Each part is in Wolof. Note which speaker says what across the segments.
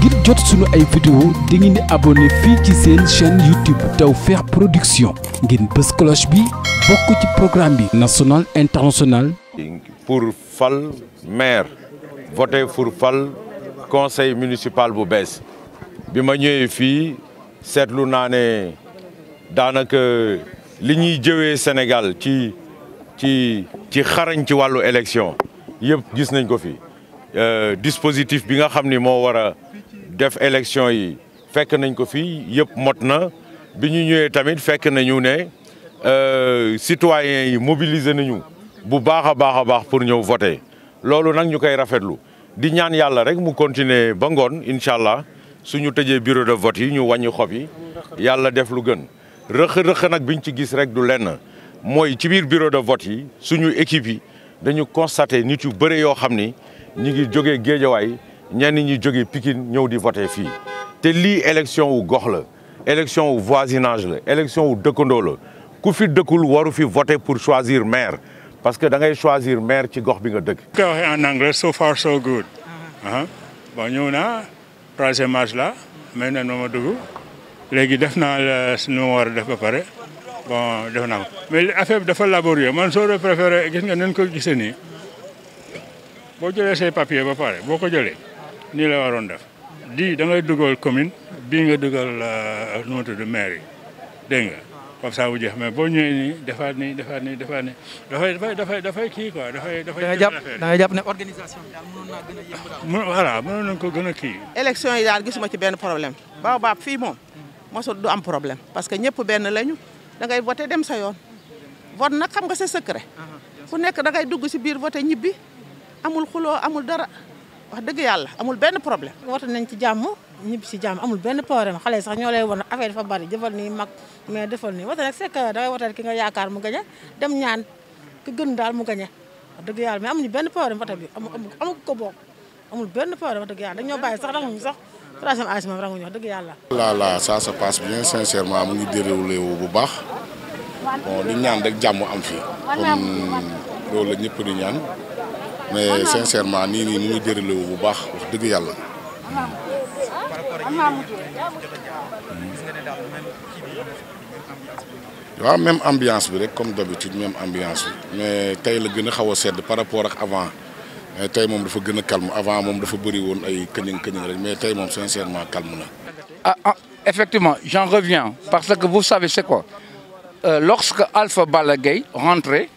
Speaker 1: ngir jot sunu ay vidéo di ngeen di abonné fii ci seen chaîne YouTube Tawfekh Production ngeen bës cloche bi bokk ci programme bi national international.
Speaker 2: pour fal maire voté pour fal conseil municipal bu bees bi ma ñëwee fii seetlu naa ne daanaka li ñuy jëwee Sénégal ci ci ci xarañ ci wàllu élection yëpp gis nañ ko fi euh, dispositif bi nga xam ni moo war def élection yi fekk nañ ko fii yëpp mot na bi ñu ñëwee tamit fekk nañu ne euh, citoyens yi mobiliser nañu bu baax a baax a baax pour ñëw voter loolu nag ñu koy rafetlu di ñaan yàlla rek mu continuer ba ngoon incha allah suñu tëjee bureau de vote yi ñu wàññi xob yi yàlla def lu gën rëq-rëq nag biñ ci gis rek du lenn mooy ci biir bureau de vote yi suñu équipe yi dañu constaté nit yu bëre yoo xam ni ñi ngi jóge géejawaay ñenn ñi jógee Pikine ñëw di voté fii te lii élection wu gox la élection wu voisinage la élection wu dëkkandoo la ku fi dëkkul waru fi voté pour choisir maire parce que da ngay choisir maire ci gox bi nga dëkk. koy waxee en anglais so far so good. Ah. bon ñëw na troisième match la may na ma dugg léegi def naa nu ma war def ba pare bon def naa ko mais affaire bi dafa laborieux man soo préféré gis nga nañ ko gisee nii boo jëlee say papier ba pare boo ko jëlee. nii la waroon def di da ngay dugal commune bii nga dugal euh, nu mu tudd maire yi dégg nga comme ça bu jeex mais boo ñëwee nii defaat nii defaat nii defaat nii dafay dafay dafay dafay kii quoi dafay. dafay
Speaker 1: da ngay jàpp ne organisation bi daal mënoon naa gën a yëngu
Speaker 2: voilà mënoon nañu ko gën a kii.
Speaker 3: élection yi daal gisuma ci benn problème Baobab fii moom mosul du am problème parce que ñëpp benn lañu da ngay voté dem sa yoon vote nag xam nga c'est secret ah, ah, ku nekk da ngay dugg si biir voté ñibbi amul xuloo amul dara. wax dëgg yàlla amul benn problème. woote nañ ci jàmm ñibbi ci jàmm amul benn problème xale sax ñoo lay won affaire dafa bari jëfal nii mag mais defal nii woote nag c'est que dangay wooteel ki nga yaakaar mu gañe dem ñaan ki gën daal mu gañe wax dëgg yàlla mais amuñu benn problème woote bi amu ko amul benn problème dëgg yàlla dañoo bàyyi sax ranguñu sax troisième âge dëgg yàlla. la la ça se passe bien sincèrement mu ngi déroulé bu baax bon di ñaan rek jàmm am fii loolu la ñëpp di ñaan. mais sincèrement nii nii ni muy déroulé bu baax wax dëgg yàlla. waaw même ambiance bi rek comme d'habitude même ambiance bi mais tey la gën a xaw a sedd par rapport ak avant mais tey moom dafa gën a calme avant moom dafa bëri woon ay këning këning rek mais tey moom
Speaker 2: sincèrement calme na. Ah, ah effectivement j'en reviens parce que vous savez c'est quoi
Speaker 1: euh, lorsque Alpha Balla Gaye rentrait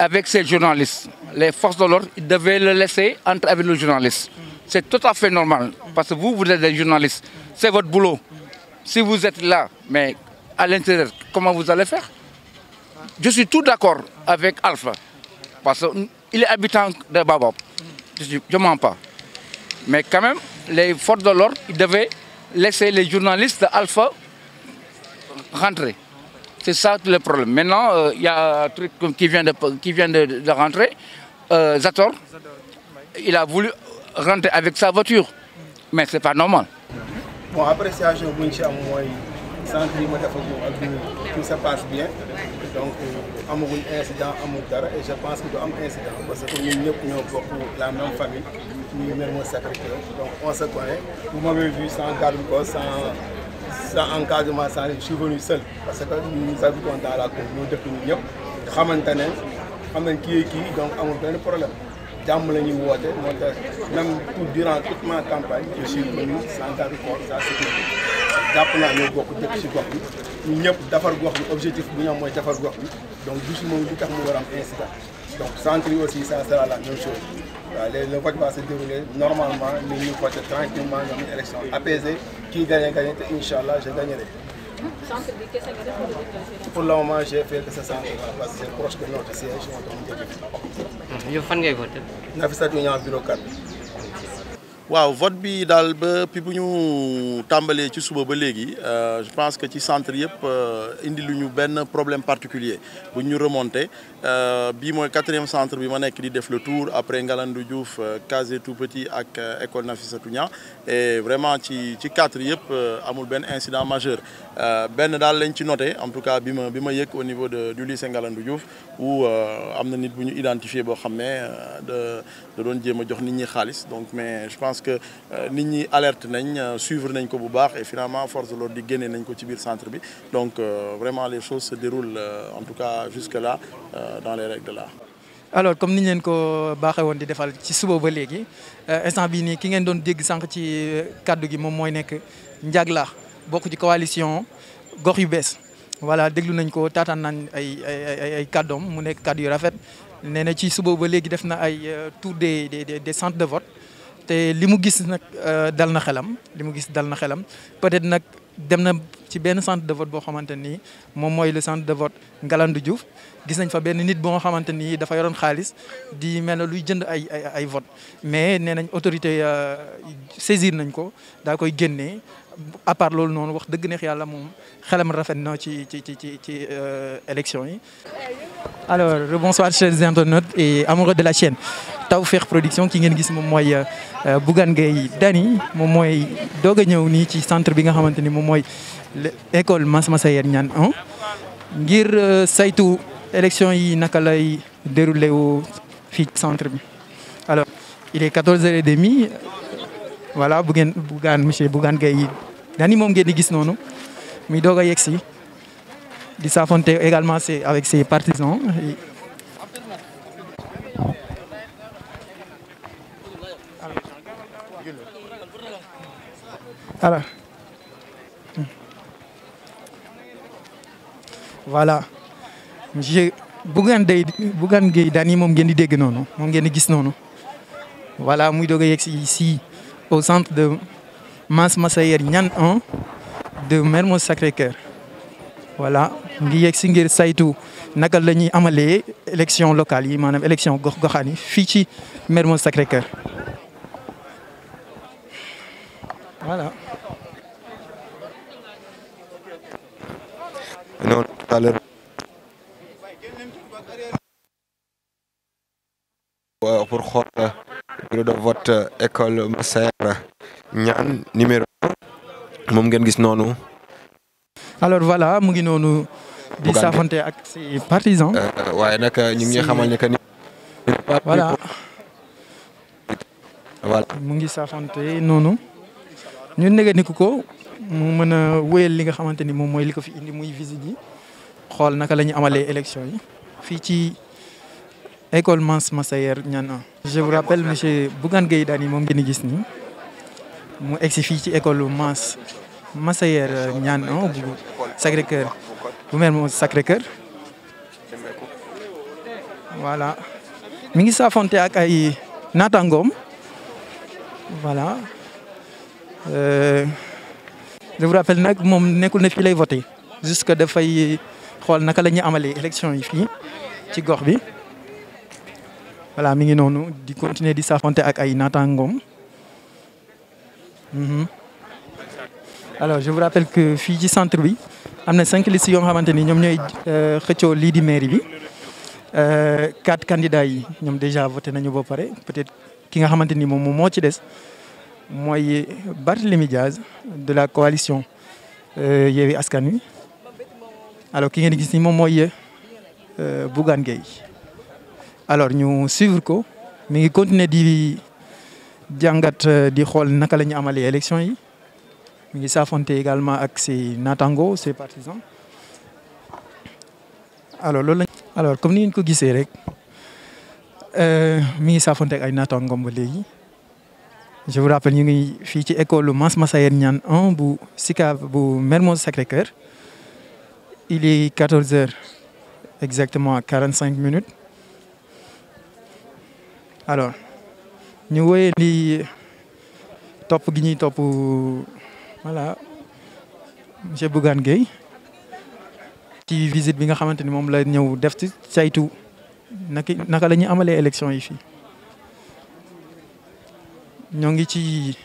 Speaker 1: avec ses journalistes. les forces de l'ordre, ils devaient le laisser entrer avec le journaliste. C'est tout à fait normal, parce que vous, vous êtes des journalistes. C'est votre boulot. Si vous êtes là, mais à l'intérieur, comment vous allez faire Je suis tout d'accord avec Alpha, parce
Speaker 2: qu'il est habitant de Babab. Je ne mens pas. Mais quand même, les forces
Speaker 1: de l'ordre, ils devaient laisser les journalistes d'Alpha rentrer. C'est ça le problème. Maintenant, il euh, y a un truc qui vient de, qui vient de, de rentrer, euh, Zator. Il a voulu rentrer avec sa voiture, mais c'est pas normal.
Speaker 3: Bon, après, c'est un jour où centre yi ma def ak moom ak tout ça passe bien donc euh, amaguñ incident amul dara et je pense que du am incident parce que ñun ñëpp ñoo bokk la même famille ñu ngi mel mooy Sacré-Cœur donc on se connaît vous m'avez vu sans garde-corps sans en Casamance sa je suis venu seul parce que sa habitons dans la commune ñoo dëkk ñu ñëpp xamante ne xam nañ kii kii donc amul benn problème jàmm la ñuy woote moo tax même tout durant toute ma campagne je suis venu sans rapport ça c'est jàpp naa ñoo bokk dëkk si gox bi ñu ñëpp defar gox bi objectif bu ñu am mooy defar gox bi donc gisuma li tax mu war am incident donc aussi ça sera la même chose waaw léegi le vote va se dérouler normalement ñu ngi voté tranquillement ñu ngi élection apaisée kii gagné gagné te incha allah je gagnerai.
Speaker 1: centre bi kese nga def
Speaker 3: pour le moment j'ai fait que ce centre parce que c'est proche de notre siège moo tax ñu jël. yow fan ngay voté. Nafissatou Niang bureau 4. waaw vote bi daal ba pi bu ñu tàmbalee ci suba ba léegi euh, je pense que ci centre yëpp euh, indi lu ñu benn problème particulier bu ñu remonté euh, bii mooy quatrième centre bi ma nekk di def le tour après Ngalandou Diouf Casé tout petit ak école Nafissatou Niang et vraiment ci ci quatre yëpp amul benn incident majeur benn daal lañ ci noté en tout cas bi ma bi ma yëg au niveau de du lycée Ngalandou Diouf où am na nit bu ñu identifié boo xam ne da da doon jéem a jox nit ñi xaalis donc parce que euh, nit ñi alerte nañ euh, suivre nañ ko bu baax et finalement force loolu di génne nañ ko ci biir centre bi donc euh, vraiment les choses se déroulent en tout cas jusque là dans les règles de
Speaker 1: alors comme ni ñu leen ko baaxee woon di defal ci suba ba léegi instant bii nii ki ngeen doon dégg sànq ci kaddu gi moom mooy nekk Ndiaglakh bokk ci coalition gox yu bees voilà déglu nañ ko tataan nañ ay ay ay kaddoom mu nekk kaddu yu rafet nee na ci suba ba léegi def na ay tour des des des centres de vote. te li mu gis nag euh, dal na xelam li mu gis dal na xelam peut-être nag dem na ci benn centre de vote boo xamante nii moom mooy le centre de vote Ngalandou Diouf gis nañ fa benn nit boo nga xamante nii dafa yoroon xaalis di mel ne luy jënd ay ay ay vote mais nee nañ autorité euh, saisir nañ ko daa koy génnee à lool noonu wax dëgg neex yàlla moom xelam rafet na ci ci ci ci ci euh, élection yi. alors bonsoir chers internautes et amoureux de la chaine chaîne Tawfekh Production ki ngeen gis moom mooy euh, Bougane Gueye Dany moom mooy doog a ñëw nii ci centre bi nga xamante ni moom mooy école Mass Massaër Niane 1 ngir euh, saytu élection yi naka lay déroulé wu fii centre bi alors il est 14 heures et demie voilà Bougane Bougane monsieur Bougane Gueye dani moom ngeen di gis noonu muy doog a yegg si di saafonte également c'est avec ses partisans voilà je Bougane day Bougane Gueye moom ngeen di dégg noonu di gis noonu muy doog a yegg au centre de Mas Massayer ñan 1 de Mermoz Sacré-Cœur voilà ngi yegg si ngir saytu naka la ñuy amalee élection locale yi maanaam élection gox goxaani yi fii ci Mermoz Sacré-Cœur voilà. Non,
Speaker 3: pour xool bureau ñaan numéro moom ngeen gis noonu.
Speaker 1: alors voilà mu ngi noonu. di saafante ak si partisan. Euh, waaye nag euh, ñu ngi xamal ne que ni. voilà. mu ngi saafante noonu. ñu négandiku ko mu mën a wéyal li nga xamante ni moom mooy li ko fi indi muy visite yi. xool naka la ñu amalee élection yi. fii ci école Mance Massaër Nianan. je vous rappelle monsieur Bougane Gueye Dany moom ngeen gis ni mu egsi fii ci école Mass Massayer ñaan euh, bu Sacré Cœur bu mel moom Sacré Cœur voilà mi ngi saafonte ak ay naataangoom voilà euh, je vous rappelle nag moom nekkul na fii lay voté jusque dafay xool naka la amale amalee élection yi fii ci gox bi voilà mi ngi noonu di continuer di saafonte ak ay naataangoom Mhm. alors je vous rappelle que fii ci centre bi am na cinq listes yoo xamante ni ñoom ñooy euh, xëccoo lii di mairie bi euh, quatre candidats yi ñoom déjà voté nañu ba pare peut-être ki nga xamante ni moom moo ci des mooy Barthélémy Diaz de la coalition euh, Yewwi Askan Wi alors ki ngeen gis ni moom mooy Bougane Gueye alors ñu suivre ko mi ngi continuer di. jàngat euh, di xool naka la ñu amalee élection yi mu ngi saafonte également ak ses natango ses partisans alors loolu la alors comme ni ngeen ko gisee rek euh, mi ngi saafonte ay natangoom ba léegi je vous rappelle ñu ngi fii ci école Mass Massaër Niane 1 bu Sicap bu Mermoz Sacré-Cœur il est 14 heures exactement cinq minutes alors ñu wéyee di topp gi ñuy topp voilà monsieur Bougane Gueye ci visite bi nga xamante ni moom la ñëw def ci saytu naka naka la ñuy amale élection yi fii ñoo ngi ci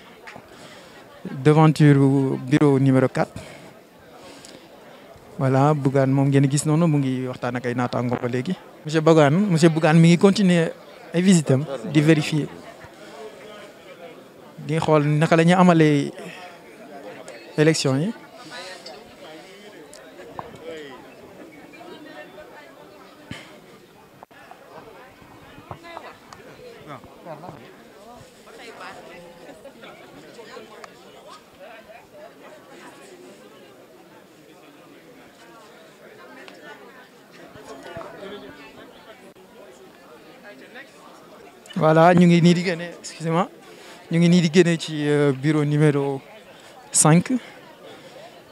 Speaker 1: devanture bureau numéro 4 voilà Bougane moom ngeen gis noonu mu ngi waxtaan ak ay naataango ba léegi. monsieur Bougane monsieur Bougane mi ngi continuer ay visitam di vérifier. di xool naka la ñuy amalee élection yi. voilà ñu ngi nii di génne excusez ñu ngi nii di génnee ci euh, bureau numéro cinq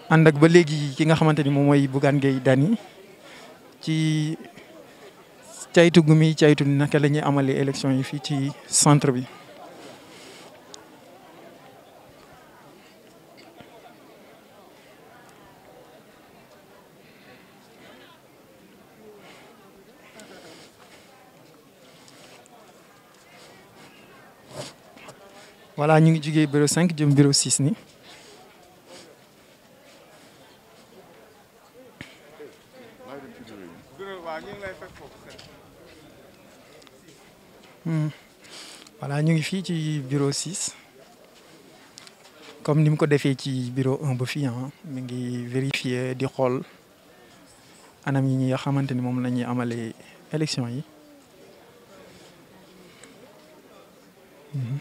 Speaker 1: ànd ak ba léegi ki nga xamante ni moom mooy Bougane Gueye Dany ci caytu gu mi caytu naka la ñuy amalee élection yi fii ci centre bi. voilà ñu ngi jugee bureau 5 jëm bureau ni hmm. voilà ñu ngi fii ci bureau 6 comme ni mu ko defee ci bureau 1 ba fii ah ngi vérifier di xool anam yi ñi nga xamante ni moom la ñuy amalee élection yi. Hmm.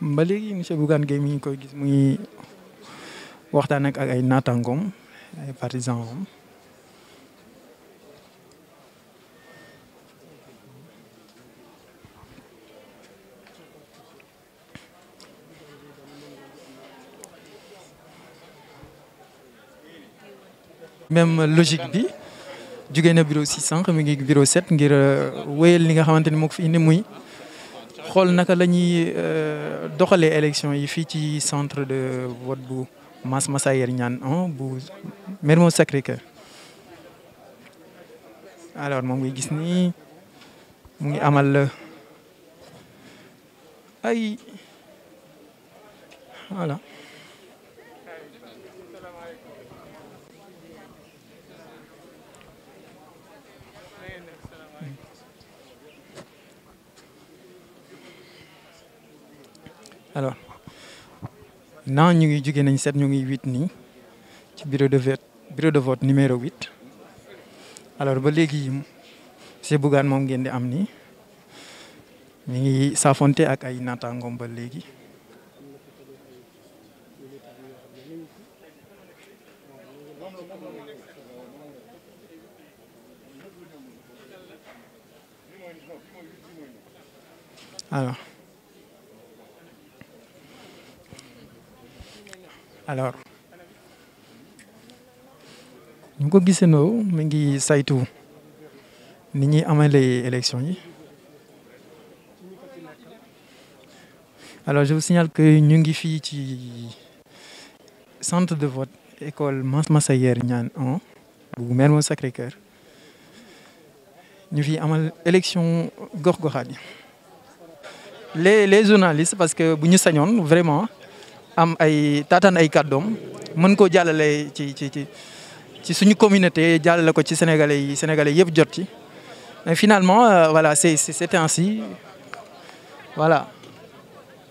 Speaker 1: ba léegi monsieur Bougane Gueye mi ngi koy gis muy waxtaan ak ay naataangoom ay partisans am. même logique bi jugee na bureau 600 mi ngi bureau 7 ngir euh, wéyal li nga xamante ni moo ko fi indi muy. xool naka lañuy ñuy euh, doxalee élection yi fii ci centre de vote bu Mass Massaër Niane 1 bu Mermoz Sacré-Cœur alors moom ngi gis ni mu ngi amal ay voilà alors non ñu ngi jóge nañ sept ñu ngi huit nii ci bureau de vote numéro huit alors ba léegi monsieur Bougane moom ngeen di am ni ñu ngi saafonte ak ay naataangoom ba léegi alors alors ñu ko gisandoo mi ngi saytu ni ñuy amalee élection yi alors je vous signale que ñu ngi fii ci centre de vote école Mass Massayer Niane 1 bu Sacré-Cœur ñu fi amal élection gox-goxaat les les journalistes parce que bu ñu sañoon vraiment am ay taataan ay kàddoom mën koo jàllale ci ci ci ci suñu communauté jàllale ko ci sénégalais yi sénégalais yëpp jot ci mais finalement euh, voilà c'est c'est si voilà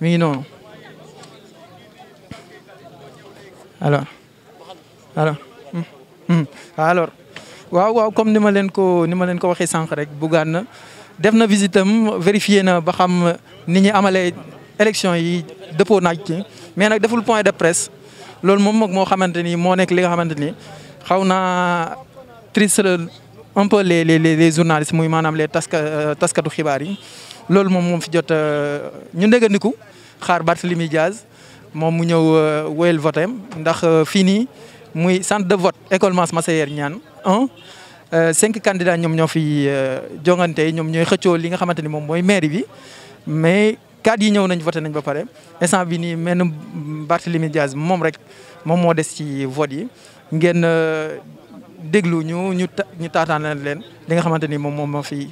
Speaker 1: mi ngi noonu alors alors hmm, hmm. alors waaw waaw comme ni ma leen ko ni ma leen ko waxee sànq rek buggaan na def na visitam vérifié na ba xam ni ñu amalee élection yi dëppoo naaj mais nag deful point de presse loolu moom moog moo xamante ni moo nekk li nga xamante ni xaw naa triste la un peu les les les muy maanaam les taska euh, taskatu xibaar yi loolu moom moom fi jot euh, ñu ndégandiku xaar Barthélemy Diaz moom mu ñëw euh, woyal votem ndax fii nii muy centre de vote école Mass Massaër Niane un cinq candidats ñoom ñoo fi jongante ñoom ñooy xëccoo li nga xamante ni moom mooy mairie bi mais cadres yi ñëw nañ voté nañ ba pare instant bi nii mel na Barthélémy Diaz moom rek moom moo des ci vote yi ngeen euh, déglu ñu ñu ñu taataan leen li nga xamante ni moom moom moo fi.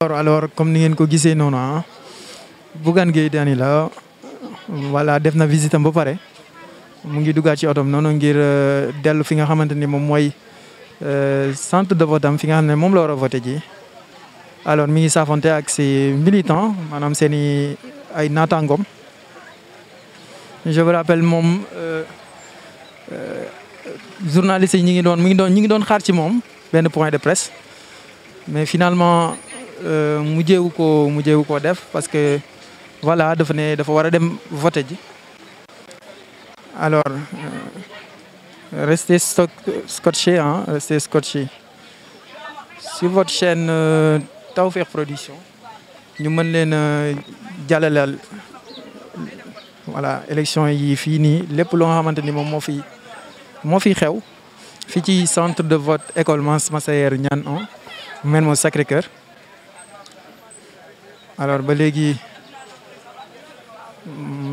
Speaker 1: alors alors comme ni ngeen ko gisee noonu ah Bougane Gueye Dany la voilà def na visite ba pare mu ngi duggaat ci otom noonu ngir euh, dellu fi nga xamante ni moom mooy euh, centre de vote am fi nga xam ne moom la war a voté ji. alors mi ngi saafonte ak si militant maanaam seen i ay naataangoom je vous rappelle moom euh, euh, journaliste yi ñi ngi doon mi ngi doon ñi ngi doon xaar ci moom benn point de presse mais finalement euh, mujjeewu ko mu mujjeewu koo def parce que voilà dafa ne dafa war a dem voté ji alors euh, restez stock scotché hein restez scotché Tawfekh Production ñu mën leen a jàllaleel voilà élection yi fii nii lépp loo xamante ni moom moo fi moo fi xew fii ci centre de vote école Mance Massaër Niane 1 mel moo Sacré-Cœur alors ba léegi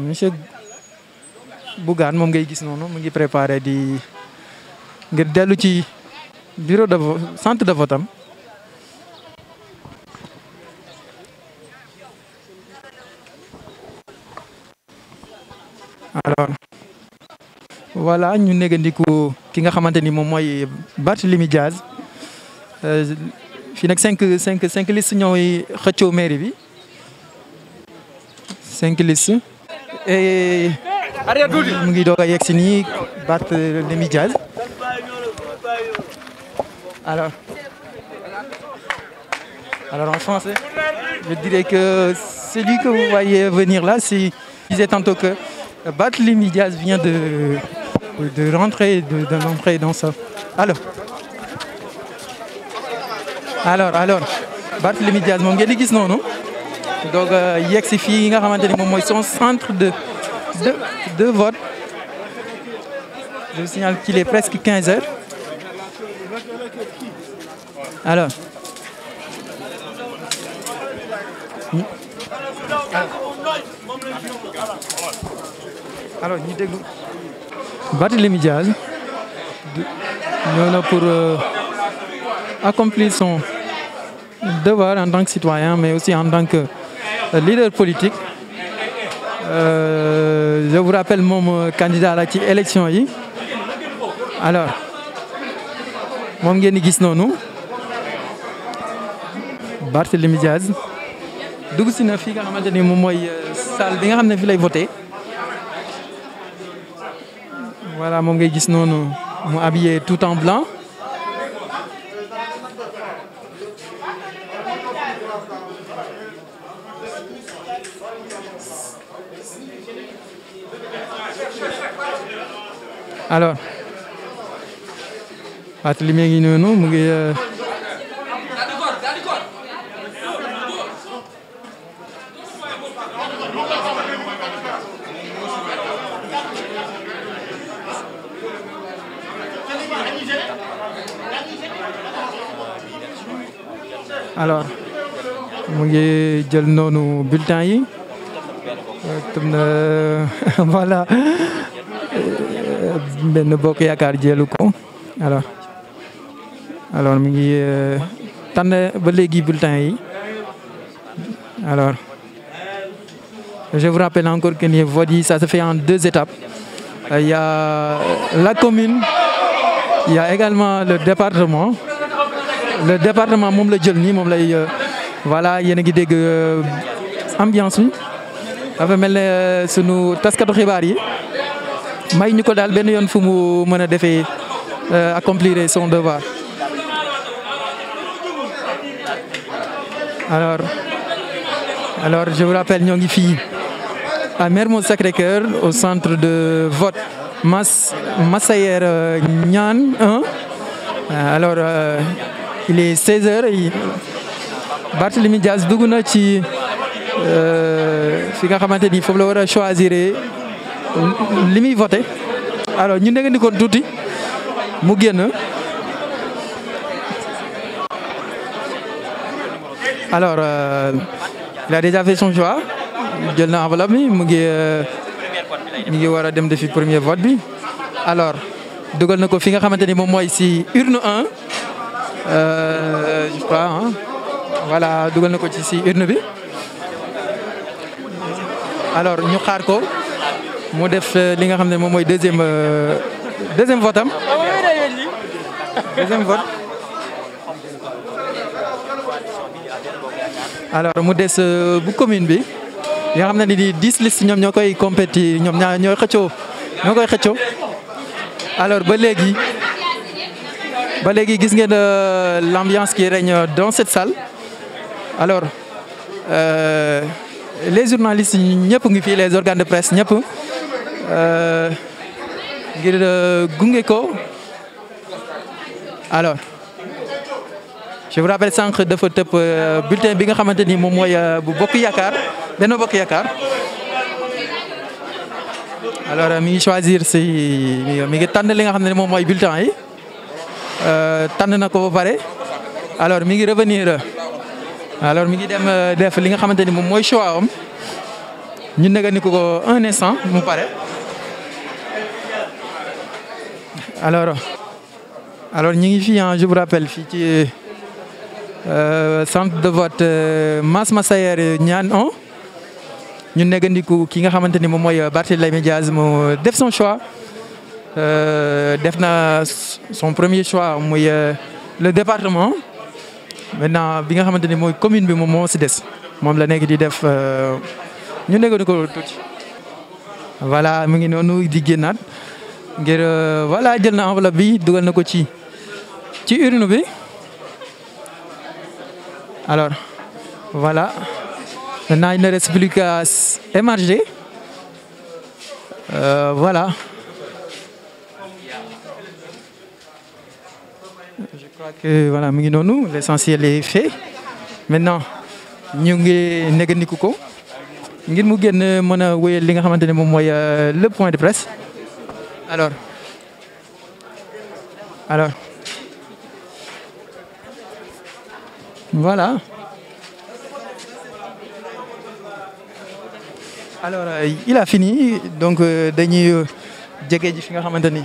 Speaker 1: monsieur bugaan moom ngay gis noonu mu ngi préparer di ngir dellu ci bureau de centre de vote am voilà ñu négandiku ki nga xamante ni moom mooy Barthélémy Diaz euh, fii nag cinq cinq cinq listes ñooy xëccoo mairie bi cinq listes. mu ngi doog a yegg si nii Barthélémy Diaz alors alors en français je dirais que celui que vous voyez venir là si disait tantôt que Barthélémy Diaz vient de de rentrer, de, de rentrer dans ça. Alors, alors alors Barthélémy Diaz moom ngeen di gis noonu donc yegg si fii nga xamante ni moom mooy son centre de de de vote je vous signale qu'il est presque 15 heures alors. Hmm. Barthélémy Diaz ñëw na pour euh, accomplir son devoir en tant que citoyen mais aussi en tan que euh, leader politique euh, je vous rappelle moom euh, candidat la ci élection yi alors moom ngeen di gis noonu Barthélémy Diaz dugg si na fii nga xamante ni moom mooy salle bi xam ne fi lay voté voilà moom ngay gis noonu mu habillé tout en blanc. alors at li mu ngi noonu alors mu ngi jël noonu bulletin yi tëm na euh, voilà euh, benn bokk yaakaar jëlu ko alors alors mu ngi euh, tànn ba léegi bulletin yi alors je vous rappelle encore que les votes ça se fait en deux étapes il a la commune ya y a également le département le département moom la jël nii moom lay euh, voilà yéen a ngi dégg euh, ambiance bi dafa mel ne euh, sunu taskatu xibaar yi may ñu ko daal benn yoon fu mu mën a defee accomplir son devoir alors alors je vous rappelle ñoo ngi fii à Mermoz Sacré-Cœur au centre de vote Mass Massayer Niane alors. il est 16h Barthélemy Diaz dugg na ci euh, fi nga xamante ni foofu la war a li muy voté alors ñu nekk ni tuuti mu génn. alors euh, il a déjà fait son choix jël na enveloppe bi mu ngi euh, mu ngi war a dem defi premier vote bi alors dugal na ko fi nga xamante ni moom mooy si urne 1. Euh, je voilà dugal na ko ci si urne bi alors ñu xaar ko mu def euh, li nga xam ne moom mooy deuxième euh, deuxième vote am deuxième alors mu des bu commune bi nga xam ne ni di dix listes ñoom ñoo koy compéti ñoom ñaa ñooy xëccoo ñoo koy xëccoo alors ba léegi. ba léegi gis ngeen euh, l'ambiance qui règne dans cette salle alors euh, les journalistes ñëpp ngi fii les organes de presse ñëpp euh, ngir euh, gunge ko alors je vous rappelle sànq dafa tëpp bulletin bi nga xamante ni moom mooy bu bokk yaakaar benn bokk yaakaar alors mi ngi choisir si mi ngi tànn li nga xam ne moom mooy bulletin yi. Euh, tànn na ko ba pare alors mi ngi revenir alors mi ngi dem euh, def li nga xamante ni moom mooy choix am ñu négandiku ko un instant mu pare alors alors ñu ngi fii je vous rappelle fii ci euh, centre de vote Mass Massaër ñaan on ñu négandiku ki nga xamante ni moom mooy Barthélémy Diaz mu def son choix Euh, def na son premier choix muy euh, le département maintenant bi nga xamante ni mooy commune bi moom moo si des moom la nekk di def euh, ñu nekkoon ko tuuti. voilà mu ngi noonu di génnaat ngir voilà jël na enveloppe bi dugal na ko ci ci urne bi alors voilà maintenant il émarger voilà. crois voilà mu ngi noonu l'essentiel est fait maintenant ñu ngi négandiku ko ngir mu génn mën a wéyal li nga xamante ne moom mooy euh, le point de presse alors alors voilà euh, il a fini donc euh, dañuy jege ji nga xamante ni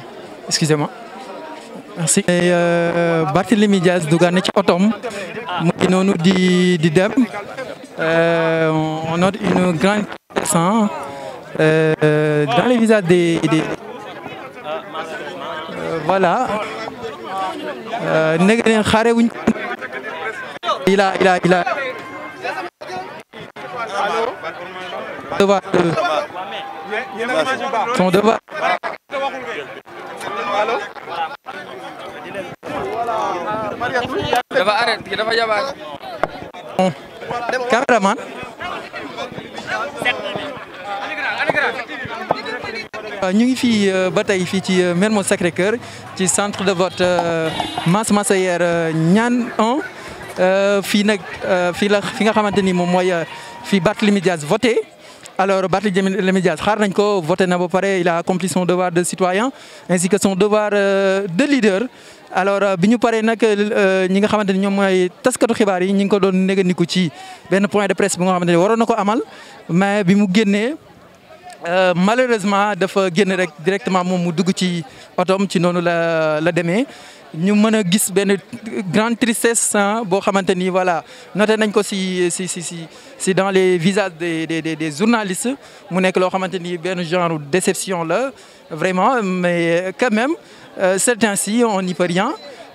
Speaker 1: merci euh, Barthélémy Diaz dugaan na ci otoom mu ngi noonu di di dem euh, on note une grande personne euh, dans les visages des voilà nekk nañ xaare wuñ il son devoir
Speaker 3: dafa arrêté kii dafa yabaat.
Speaker 1: caméraman. ñu ngi fii euh, ba tey fii ci euh, Mermoz Sacré-Cœur ci centre de vote euh, Mass Massayer Niane 1 fii nag fii la fi nga xamante ni moom mooy fii Barthélémy Dias voté. Alors, Barthélémy Diaz, Harnenko, voté n'a pas il a accompli son devoir de citoyen ainsi que son devoir euh, de leader. alors euh, bi ñu paree nag euh, ñi nga xamante ni ñoom mooy taskatu xibaar yi ñu ngi ko doon négandiku ci benn point de presse bi nga xamante ne waroon na ko amal mais bi mu génnee malheureusement dafa génn rek directement moom mu dugg ci otoom ci noonu la la demee. ñu mën a gis benn grande tristesse boo xamante ni voilà noté nañ ko si si si si si dans les visages des des des journalistes mu nekk loo xamante ni benn genre déception la vraiment mais quand même euh, c'est ainsi on n'y peut rien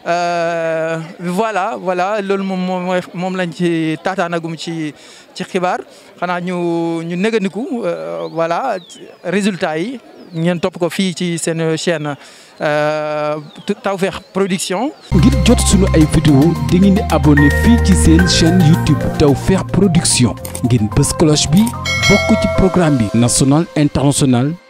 Speaker 1: euh, voilà voilà loolu moom mooy moom lañ ci taataanagum ci ci xibaar xanaa ñu ñu négandiku euh, voilà résultat yi. ngeen topp ko fii ci seen chaîne euh, Tawfekh Production. ngir jot sunu ay vidéo di ngeen di abonné fii ci seen chaîne YouTube Tawfekh Production ngeen bës cloche bi bokk ci programme bi national international.